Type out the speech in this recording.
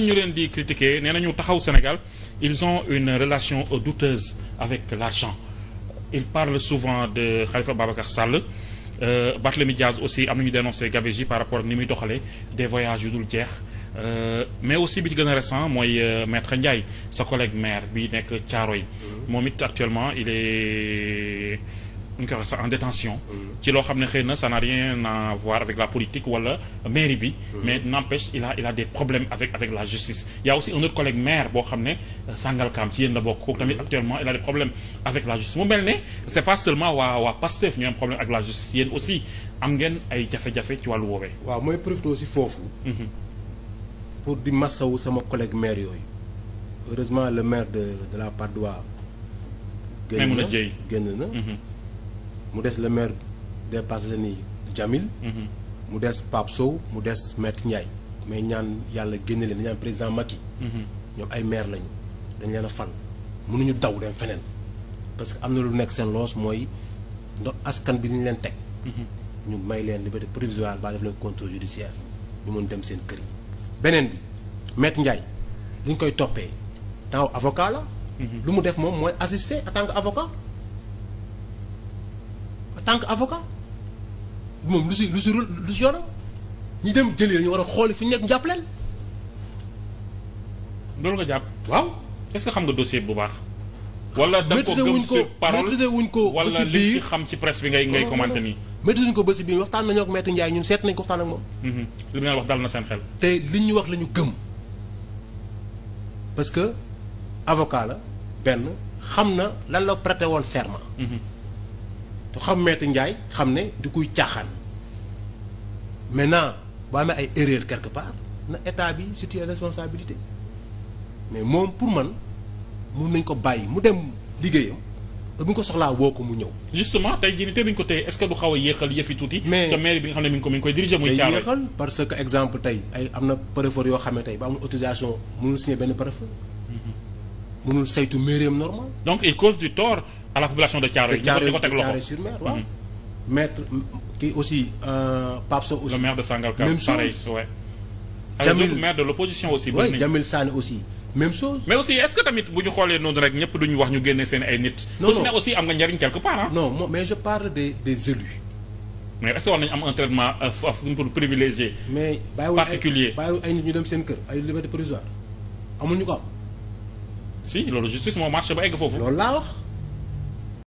ñu leen di critiquer nee nañu taxaw Sénégal ils ont une relation douteuse avec l'argent ils parlent souvent de Khalifa Babacar Sall euh, Barthélémy Diaz aussi am nañu dénoncé Gabéji par rapport ni muy doxalee des voyages yu dul jeex euh, mais aussi bi ci gën a récent mooy euh, maître Ndiaye sa collègue maire bi nekk Thiaroye mm-hmm. moom it actuellement il est ñu koy wax en détention mm-hmm. ci loo xam ne xëy na ça n'a rien à voir avec la politique wala mairie bi mhm. mais n'empêche il a il a des problèmes avec avec la justice il y a aussi un autre collègue maire boo xam ne euh, Sangalkam ci yéen la bokk kooku tamit mhm. actuellement il a des problèmes avec la justice mu mel ne c'est pas seulement waa waa Pastef ñu am problème ak la justice yéen aussi am ngeen ay jafe-jafe ci wàllu woowee waaw mooy profité aussi foofu mhm. pour di massawu sama collègue maire yooyu heureusement le maire de de la Patte d'Oie génn na génn na mu des le maire des bases ni Jamil. mu des Pape Sow mu des Maître Ndiaye mais ñaan yàlla génne leen ñaan président Macky. Mhm. ñoom ay maire lañu dañ leen a fal mënuñu daw dem feneen parce que am na lu nekk seen loos mooy ndox askan bi dañ leen teg. Mhm. ñu may leen liberté provisoire ba def leen contrôle judiciaire ñu mën dem seen kër yi. beneen bi Maître Ndiaye li ñu koy toppee temps avocat la. Mhm. lu mu def moom mooy assister en tant que avocat avocat. moom lu si lu si lu si yoonam ñi dem jëli la war a xooli fi ñu nekk jàpp leen. loolu nga jàpp. waaw est-ce que xam nga dossier bu baax. wala da ko gëm sur parole maîtriser wuñ ko wala li xam ci presse bi ngay ngay commenté nii. maîtriser wuñ ko bés bi waxtaan nañoo ak maître Ndiaye ñun seet nañ ko waxtaan ak moom. Mhm. li nga wax dal na seen xel. te li ñu wax la ñu gëm parce que avocat la benn xam na lan la prêté woon serment. Mhm. ku xam maître Ndiaye xam ne du kuy caaxaan maintenant boo amee ay erreur quelque part na état bi situé responsabilité mais moom pour man mun nañ ko bàyyi mu dem liggéeyam bu ñu ko soxlaa woo ko mu ñëw. justement tey jii nii tey bi ñu ko téye est du xaw a yéexal yëfi tuuti. mais ca mairie bi nga xam ne mi ngi koy diriger. muy caaroy parce que exemple tey ay am na préfet yoo xam ne tey ba amul autorisation mënul signer benn préfet. Mhm. mënul saytu mairie normal. donc il cause du tort à la population de Thiaroye. di ko teg loxo de sur mer mhm. waaw. maître kii aussi euh, Pape Sow aussi. le maire de Sangalkam même chose pareil ouais. Jamil maire de l'opposition aussi. bëri nañu Jamil Sane aussi. même chose mais aussi est-ce que tamit bu ñu xoolee noonu rek ñëpp duñu wax ñu génne seen ay nit. non non aussi am nga njariñ quelque part ah. non mais je parle des des élus. mais est-ce que war nañu am un traitement euh, pour privilégier. mais bàyyiwul ay particulier bàyyiwul ay nit ñu dem seen kër ay liberté provisoire amul ñu ko am. si loolu justice moo marché ba egg foofu.